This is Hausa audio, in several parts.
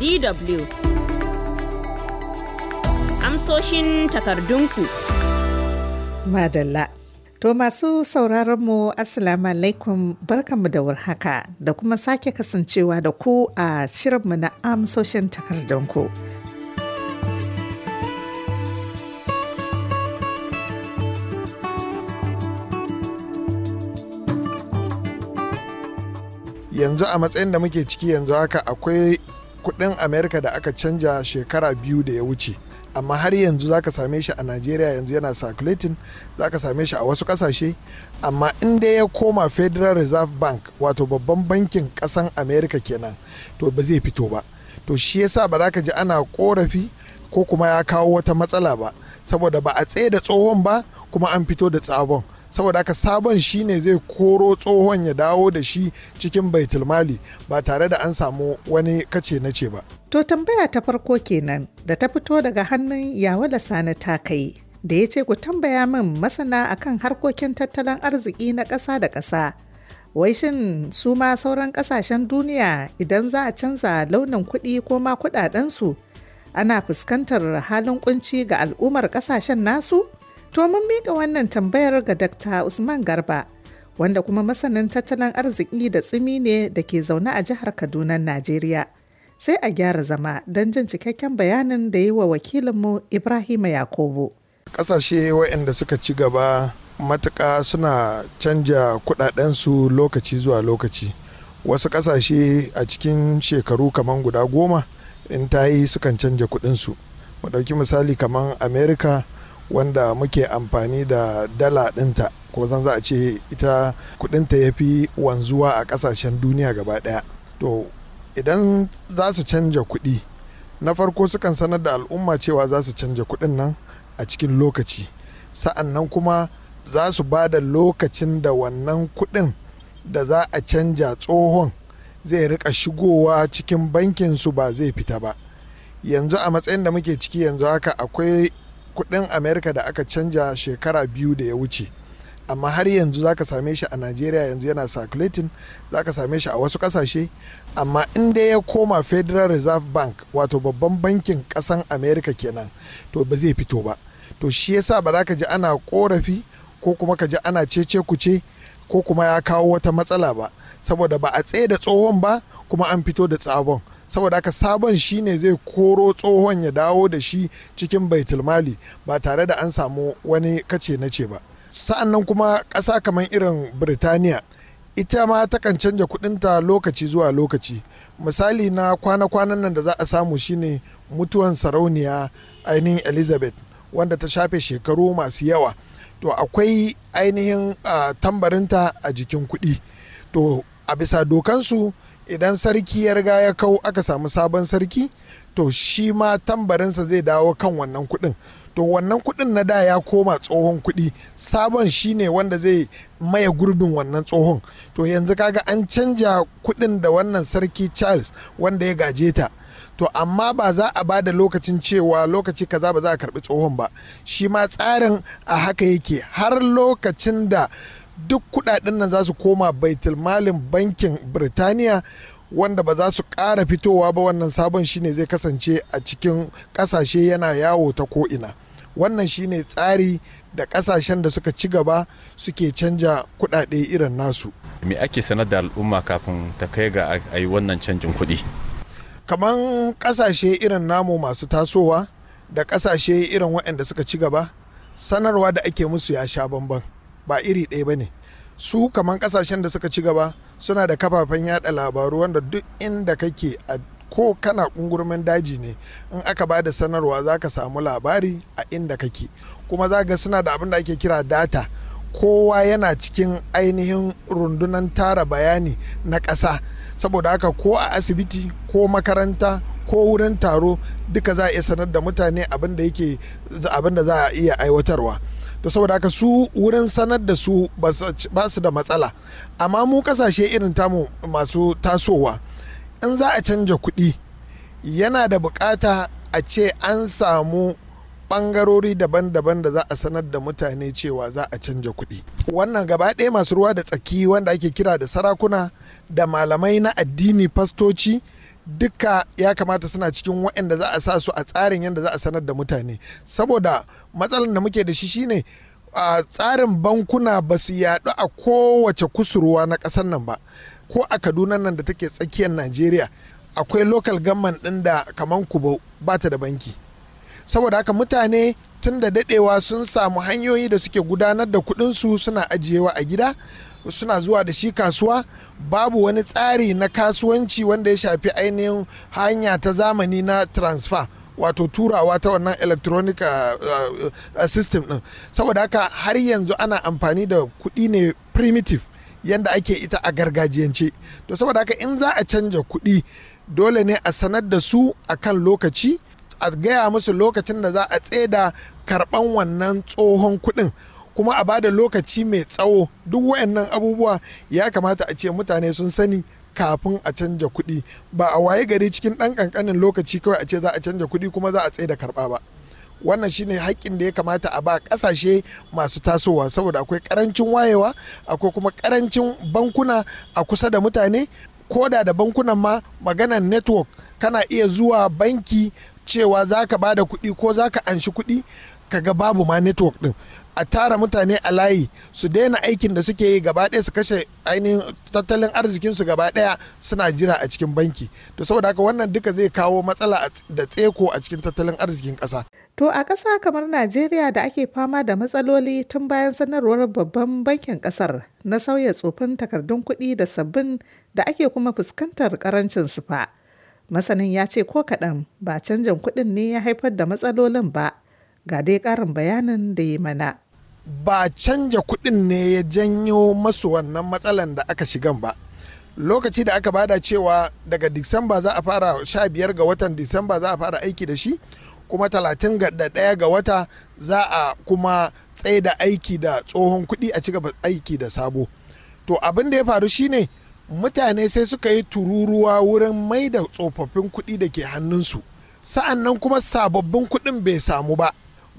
DW. Amsoshin takardunku. Madalla. To masu sauraron mu Assalamu alaikum barkanmu da warhaka da kuma sake kasancewa da ku a shirinmu na amsoshin takardunku. Yanzu a matsayin da muke ciki yanzu haka akwai kudin amerika da aka canja shekara biyu da ya wuce amma har yanzu za ka same shi a nigeria yanzu yana circulating za ka same shi a wasu kasashe amma inda ya koma federal reserve bank wato babban bankin kasan amerika kenan to ba zai fito ba to shi yasa ba za ka ji ana korafi ko kuma ya kawo wata matsala ba saboda ba a tsaye da tsohon ba kuma an fito da tsabon saboda aka sabon shi ne zai koro tsohon ya dawo da shi cikin baitulmali ba tare da an samu wani kace na ce ba to tambaya ta farko kenan da ta fito daga hannun yawa da sani ta kai da ya ce ku tambaya min masana akan harkokin tattalin arziki na ƙasa da ƙasa wai shin su ma sauran ƙasashen duniya idan za a canza launin kuɗi ko ma kuɗaɗensu ana fuskantar halin kunci ga al'ummar ƙasashen nasu To mun miƙa wannan tambayar ga Dr. Usman Garba, wanda kuma masanin tattalin arziki da tsimi ne da ke zaune a jihar Kaduna, Najeriya. Sai a gyara zama don jin cikakken bayanin da yi wa wakilinmu Ibrahim Yakubu. Ƙasashe waɗanda suka ci gaba matuka suna canja kuɗaɗensu lokaci zuwa lokaci. Wasu ƙasashe a cikin shekaru kamar guda goma in ta yi sukan canja kuɗinsu. Mu ɗauki misali kamar Amerika. wanda muke amfani da dala ɗinta ko zan za a ce ita kudinta ya fi wanzuwa a ƙasashen duniya gaba ɗaya to idan za su canja kuɗi na farko sukan sanar da al'umma cewa za su canja kuɗin nan a cikin lokaci sa'an nan kuma za su ba da lokacin da wannan kuɗin da za a canja tsohon zai rika shigowa cikin bankin su ba zai fita ba yanzu a matsayin da muke ciki yanzu haka akwai kudin america da aka canja shekara biyu da ya wuce amma har yanzu zaka same shi a nigeria yanzu yana circulating zaka same shi a wasu kasashe amma inda ya koma federal reserve bank wato babban bankin kasan america kenan to ba zai fito ba to shi yasa ba za ka ji ana korafi ko kuma ka ji ana cece kuce ko kuma ya kawo wata matsala ba saboda ba a tsaye da tsohon ba kuma an fito da tsabon saboda haka sabon shine zai koro tsohon ya dawo da shi cikin baitulmali ba tare da an samu wani kace na ce ba sa'annan kuma ƙasa kamar irin birtaniya ita ma takan canja kudinta lokaci zuwa lokaci misali na kwana-kwanan nan da za a samu shine mutuwan sarauniya ainihin elizabeth wanda ta shafe shekaru masu yawa to akwai ainihin ah, tambarinta a jikin kuɗi to a bisa dokansu idan sarki ya riga ya kau aka samu sabon sarki to shi ma tambarinsa zai dawo kan wannan kuɗin to wannan kuɗin na da ya koma tsohon kuɗi sabon shi ne wanda zai maye gurbin wannan tsohon to yanzu kaga an canja kuɗin da wannan sarki charles wanda ya gaje ta to amma ba za a ba da lokacin cewa lokaci kaza ba za a karbi tsohon ba shi ma tsarin a haka yake har lokacin da duk kudaden nan za su koma baitul malin bankin birtaniya wanda ba za su kara fitowa ba wannan sabon shine zai kasance a cikin kasashe yana yawo ta ko'ina wannan shine tsari da kasashen da suka ci gaba suke canja kudade irin nasu me ake sanar da al'umma kafin ta kai ga a yi wannan canjin kuɗi kamar ƙasashe irin namu masu tasowa da ƙasashe irin waɗanda suka ci gaba sanarwa da ake musu ya sha bamban ba iri ɗaya ba ne su kamar kasashen da suka ci gaba suna da kafafen yada labaru wanda duk inda kake a ko kana ƙungurmin daji ne in aka ba da sanarwa za ka samu labari a inda kake kuma za ga suna da abin da ake kira data kowa yana cikin ainihin rundunan tara bayani na ƙasa saboda haka ko a asibiti ko makaranta ko wurin taro duka za a iya sanar da mutane abin da za a iya aiwatarwa. da saboda haka su wurin sanar da su ba su da matsala amma mu kasashe irin tamu masu tasowa in za a canja kuɗi yana da bukata a ce an samu bangarori daban-daban da za a sanar da mutane cewa za a canja kuɗi wannan gaba ɗaya masu ruwa da tsaki wanda ake kira da sarakuna da malamai na addini fastoci duka ya kamata suna cikin waɗanda za a sa su a tsarin yadda za a sanar da mutane saboda matsalar da muke da shi shine a tsarin bankuna ba su yaɗu a kowace kusurwa na ƙasar nan ba ko a kaduna nan da take tsakiyar najeriya akwai local gamman ɗin da kaman kubo ba ta da banki saboda haka mutane tun da daɗewa sun samu hanyoyi da suke gudanar da kuɗinsu suna ajiyewa a gida suna zuwa da shi kasuwa babu wani tsari na kasuwanci wanda ya shafi ainihin hanya ta zamani na transfer wato turawa ta wannan electronic uh, uh, system din saboda haka har yanzu ana amfani da kudi ne primitive yanda ake ita a gargajiyance to saboda haka in za a canja kudi dole ne a sanar da su a kan lokaci a gaya musu lokacin da za a tseda karban wannan tsohon kudin. kuma a bada lokaci mai tsawo duk wayannan abubuwa ya kamata a ce mutane sun sani kafin a canja kuɗi ba a waye gari cikin ɗan ƙanƙanin lokaci kawai a ce za a canja kuɗi kuma za a tsaye da karɓa ba wannan shine haƙƙin da ya kamata a ba ƙasashe masu tasowa saboda akwai ƙarancin wayewa akwai kuma ƙarancin bankuna a kusa da mutane ko da da bankunan ma maganar network kana iya zuwa banki cewa za ka da kuɗi ko za ka anshi kuɗi ka ga babu ma network ɗin a tara mutane a layi su daina aikin da suke yi gaba ɗaya su kashe ainihin tattalin arzikinsu gaba ɗaya suna jira a cikin banki to saboda haka wannan duka zai kawo matsala da tseko a cikin tattalin arzikin ƙasa. to a ƙasa kamar najeriya da ake fama da matsaloli tun bayan sanarwar babban bankin ƙasar na sauya tsofin takardun kuɗi da sabbin da ake kuma fuskantar ƙarancin sufa masanin ya ce ko kaɗan ba canjin kuɗin ne ya haifar da matsalolin ba ga dai ƙarin bayanin da yi mana. ba canja kuɗin ne ya janyo masu wannan matsalan da aka shigan ba lokaci da aka bada cewa daga disamba za a fara biyar ga watan disamba za a fara aiki da shi kuma talatin ɗaya ga wata za a kuma tsaye da aiki da tsohon kuɗi a ci aiki da sabo to abin da ya faru shine mutane sai suka yi tururuwa wurin mai da tsofaffin kuɗi da ke hannunsu sa'an nan kuma sababbin kuɗin bai samu ba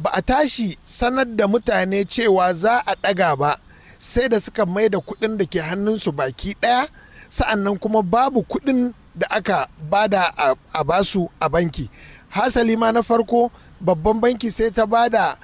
ba a tashi sanar da mutane cewa za a ɗaga ba sai da suka mai da kuɗin da ke hannunsu baki ɗaya sa'annan kuma babu kuɗin da aka bada a basu a banki hasali ma na farko babban banki sai ta bada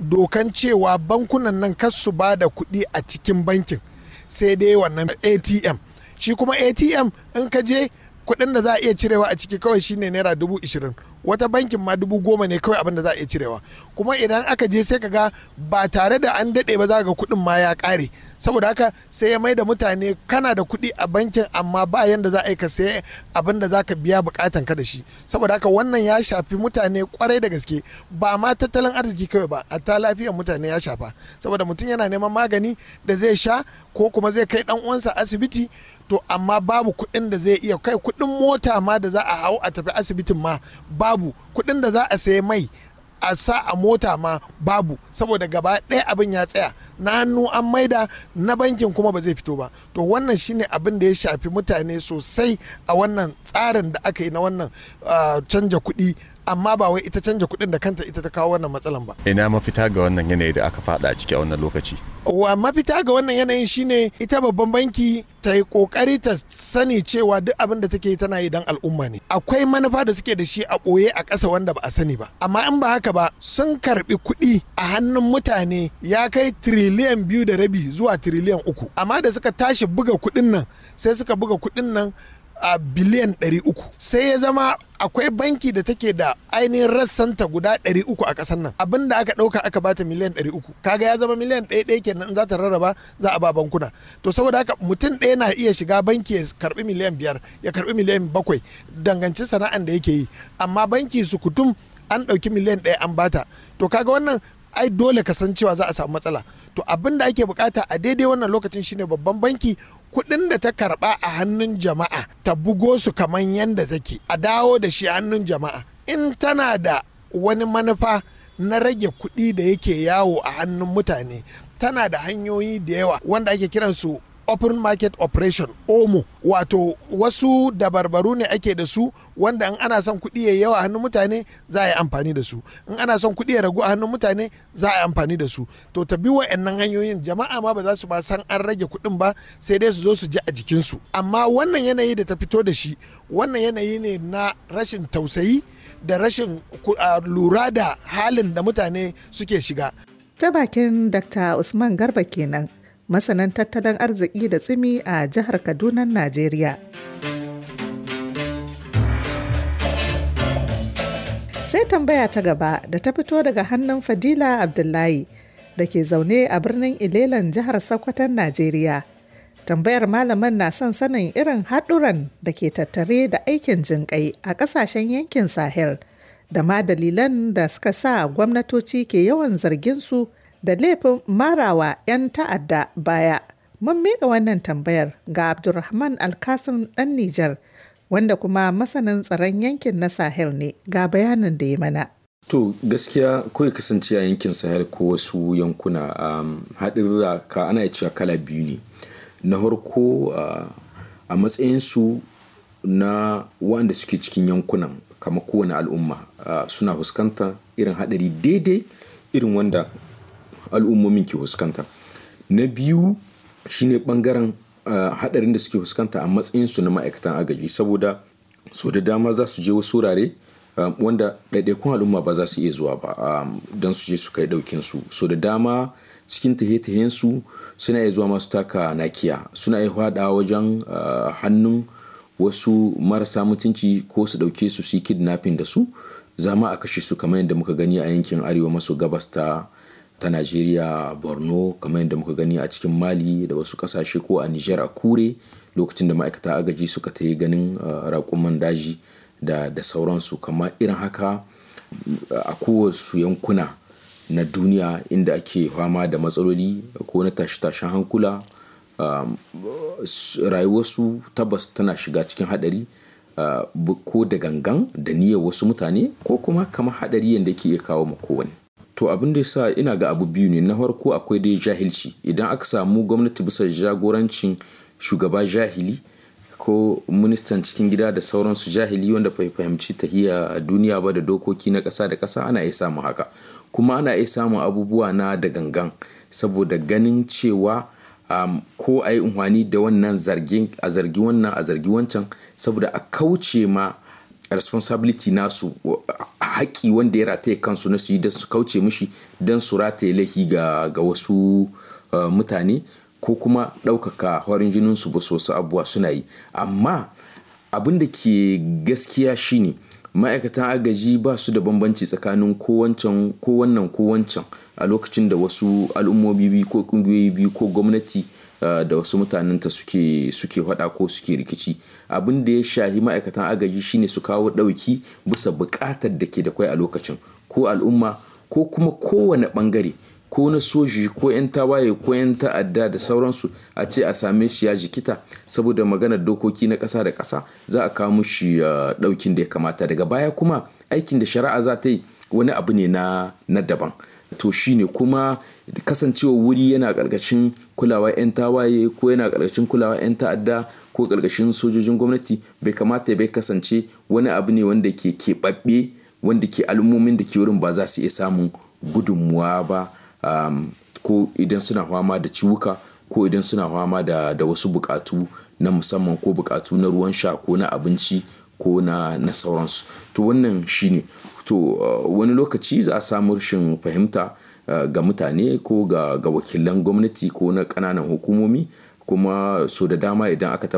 dokan cewa bankunan nan kasu su bada kuɗi a cikin bankin sai dai wannan atm shi kuma atm in ka je kuɗin da za a iya cirewa a ciki kawai shine naira dubu ishirin wata bankin ma dubu goma ne kawai abin da za a iya cirewa kuma idan aka je sai ka ga ba tare da an daɗe ba za ga kuɗin ma ya ƙare saboda haka sai ya mai da mutane kana da kuɗi a bankin amma ba yanda za a yi ka sai abin da za ka biya bukatan ka da shi saboda haka wannan ya shafi mutane kwarai da gaske ba ma tattalin arziki kawai ba ta lafiyar mutane ya shafa saboda mutum yana neman magani da zai sha ko kuma zai kai dan uwansa asibiti to amma babu kuɗin da zai iya kai kuɗin mota ma da za a hau a tafi asibitin ma babu kuɗin da za a sayi mai a sa a mota ma babu saboda gaba ɗaya abin ya tsaya na hannu an maida na bankin kuma ba zai fito ba to wannan shine abin da ya shafi mutane sosai a wannan tsarin da aka yi na wannan ah, canja kuɗi amma ba wai ita canja kuɗin da kanta ita ta kawo wannan matsalan ba. Ina mafita ga wannan yanayi da aka faɗa a ciki a wannan lokaci. Wa mafita ga wannan yanayin shine ita babban banki ta yi kokari ta sani cewa duk abin da take tana yi dan al'umma ne. Akwai manufa da suke da shi a ɓoye a ƙasa wanda ba a sani ba. Amma in ba haka ba sun karɓi kuɗi a hannun mutane ya kai tiriliyan biyu da rabi zuwa tiriliyan uku. Amma da suka tashi buga kuɗin nan sai suka buga kuɗin nan a biliyan 300 sai ya zama akwai banki da take da ainihin rassanta guda 300 a ƙasar nan abin da aka ɗauka aka bata miliyan 300 kaga ya zama miliyan ɗaya kenan kenan za ta rarraba za a ba bankuna to saboda haka mutum ɗaya na iya shiga banki ya karbi miliyan biyar ya karbi miliyan bakwai dangancin sana'an da yake yi amma banki su kutum an ɗauki miliyan ɗaya an bata to kaga wannan ai dole kasancewa za a samu matsala to abin da ake bukata a daidai wannan lokacin shine babban banki kuɗin da ta karɓa a hannun jama'a ta bugo su kamar yadda take a dawo da shi hannun jama'a in tana da wani manufa na rage kuɗi da yake yawo a hannun mutane tana da hanyoyi da yawa wanda ake kiransu open market operation omo wato wasu dabarbaru ne ake da su wanda in ana son kuɗi ya yawa a hannun mutane za a yi amfani da su in ana son kuɗi ya ragu a hannun mutane za a yi amfani da su to ta bi wa'annan hanyoyin jama'a ma ba za su ba san an rage kuɗin ba sai dai su zo su ji a jikinsu amma wannan yanayi da ta fito da shi wannan yanayi ne na rashin tausayi da rashin lura da halin da mutane suke shiga ta bakin dr usman garba kenan masanan tattalin arziki da tsimi a jihar Kaduna, Najeriya. Sai tambaya ta gaba da ta fito daga hannun Fadila Abdullahi da ke zaune a birnin Ilelan jihar Sokoton, Najeriya. Tambayar malaman na son sanin irin haɗuran da ke tattare da aikin jinƙai a ƙasashen yankin Sahel da ma dalilan da suka sa gwamnatoci ke yawan zargin su da laifin marawa 'yan ta'adda baya mun miƙa wannan tambayar ga abdulrahman alkasim ɗan nijar wanda kuma masanin tsaron yankin na sahel ne ga bayanin da ya mana to gaskiya kawai kasance a yankin sahel ko wasu yankuna um, haɗin ka ana cewa kala biyu ne na harko a uh, a matsayinsu na wanda suke cikin yankunan kama kowane al'umma uh, suna fuskantar irin haɗari daidai irin wanda al'ummomin ke fuskanta na biyu shine bangaren hadarin da suke fuskanta a matsayin su na ma'aikatan agaji saboda so da dama za su je wasu wurare wanda ɗaiɗaikun al'umma ba za su iya zuwa ba don su je su kai ɗaukin su so da dama cikin tahe-tahen su suna iya zuwa masu taka nakiya suna iya haɗa wajen hannun wasu marasa mutunci ko su ɗauke su su yi kidnapping da su zama a kashe su kamar yadda muka gani a yankin arewa maso gabas ta ta Najeriya Borno kamar yadda muka gani a cikin Mali da wasu kasashe ko a niger a Kure lokacin da ma'aikata agaji suka ta yi ganin uh, raƙuman daji da, da sauransu kamar irin haka uh, a kowasu yankuna na duniya inda ake fama da matsaloli ko na tashe-tashen hankula um, rayuwarsu tabbas tana shiga cikin hadari uh, ko da gangan da niyyar wasu mutane ko kuma kamar hadari yadda ke iya kawo ma kowane. to abin da yasa ina ga abu biyu ne na farko akwai dai jahilci idan aka samu gwamnati bisa jagorancin shugaba jahili ko ministan cikin gida da sauransu jahili wanda bai fahimci tahiya duniya ba da dokoki na ƙasa da kasa ana iya samun haka kuma ana iya samun abubuwa na da gangan saboda ganin cewa um, ko a yi da wannan zargi a zargi wannan a zargi wancan saboda a kauce ma responsibility nasu haƙi wanda ya rataye kansu na su yi don su kauce mushi don su rataye laifi ga, ga wasu uh, mutane ko kuma ɗaukaka horin jininsu ba su wasu abubuwa suna yi amma abin da ke gaskiya shine ma'aikatan agaji ba su da bambanci tsakanin kowancan ko wannan a lokacin da wasu al'ummomi biyu ko ƙungiyoyi biyu ko gwamnati Eh, da wasu mutanen ta suke suke hada ko suke rikici abin da ya shahi ma'aikatan agaji shine su kawo dauki bisa bukatar da ke da kwai a lokacin ko al'umma ko kuma kowane bangare ko na soji ko 'yan tawaye ko 'yan ta'adda da sauransu a ce a same shi ya jikita saboda maganar dokoki na kasa da kasa za a kawo mushi daukin eh, da ya kamata daga baya kuma aikin da shari'a za ta yi wani abu ne na daban to shi ne kuma kasancewa wuri yana ƙarƙashin kulawa 'yan tawaye ko yana ƙarƙashin kulawa 'yan ta'adda ko ƙarƙashin sojojin gwamnati bai kamata bai kasance wani abu ne wanda ke keɓaɓɓe wanda ke al'ummomin da ke wurin ba za su iya samun gudunmuwa ba ko idan suna fama da ciwuka ko idan suna fama da, da wasu buƙatu na musamman ko buƙatu na ruwan sha ko na abinci ko na, sauransu to wannan shine to uh, wani lokaci za a samu rashin fahimta uh, ga mutane ko ga, wakilan gwamnati ko na kananan hukumomi kuma so da dama idan aka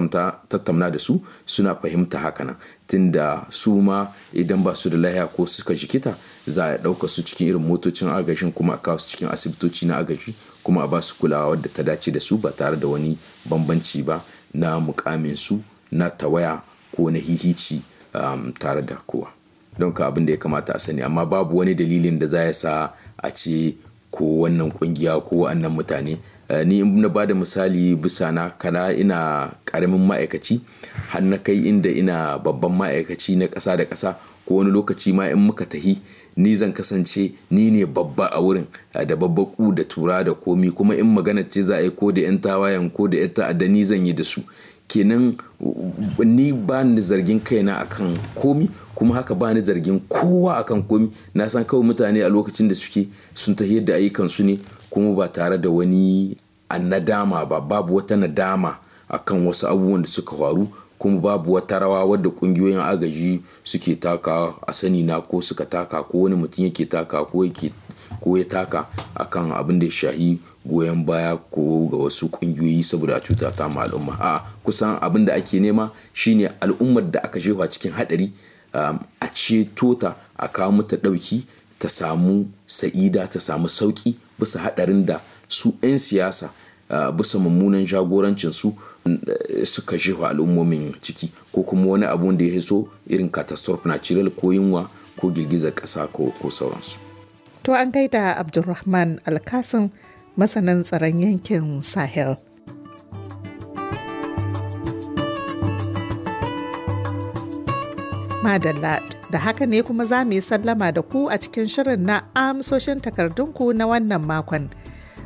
tattauna da su suna fahimta hakanan tunda su ma idan ba su da lahiya ko suka jikita za a ɗauka su cikin irin motocin agashin kuma a kawo su cikin asibitoci na agashi kuma a ba su kulawa wadda ta dace da su ba tare da wani bambanci ba na mukamin su na tawaya ko na hihici um, tare da kowa don ka abin da ya kamata a sani amma babu wani dalilin da za ya sa a ce ko wannan kungiya ko wannan mutane eh, ni in na bada misali bisa na kana ina karamin ma'aikaci har na kai inda ina babban ma'aikaci na ƙasa da ƙasa ko wani lokaci ma in muka tahi ni zan kasance ni ne babba a wurin eh, da babbaku da tura da komi kuma in magana ce za a yi ko da 'yan tawayen ko da 'yan ta'adda ni zan yi da su kenan ni ba ni zargin kaina akan komi kuma haka ba ni zargin kowa akan komi na san kawai mutane a lokacin da suke sun ta da ayyukansu ne kuma ba tare da wani nadama ba babu wata nadama akan wasu abubuwan da suka faru kuma babu wata rawa wadda kungiyoyin agaji suke taka a sani na ko suka taka ko wani mutum yake taka ko ko ya taka akan abin da ya shahi goyon baya ko ga wasu kungiyoyi saboda cuta ta ma al'umma a kusan abin da ake nema shine al'ummar da aka jefa cikin hadari um, a ceto ta a kawo mata dauki ta samu sa'ida ta samu sauki bisa hadarin da su 'yan siyasa uh, bisa mummunan jagorancin su eh, suka jefa al'ummomin ciki ko kuma wani abu da ya so irin catastrophe natural ko yunwa ko girgizar ƙasa ko sauransu. To an gaida Abdulrahman alkasin masanan tsaron yankin Sahel. Madalla da haka ne kuma za mu yi sallama da ku a cikin shirin na amsoshin takardunku na wannan makon.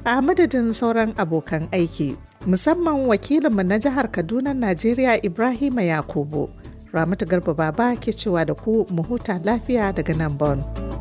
A madadin sauran abokan aiki, musamman wakilinmu na jihar Kaduna, Najeriya Ibrahima Yakubu. Ramatu Garba Baba ke cewa da ku mu huta lafiya daga nan Bon.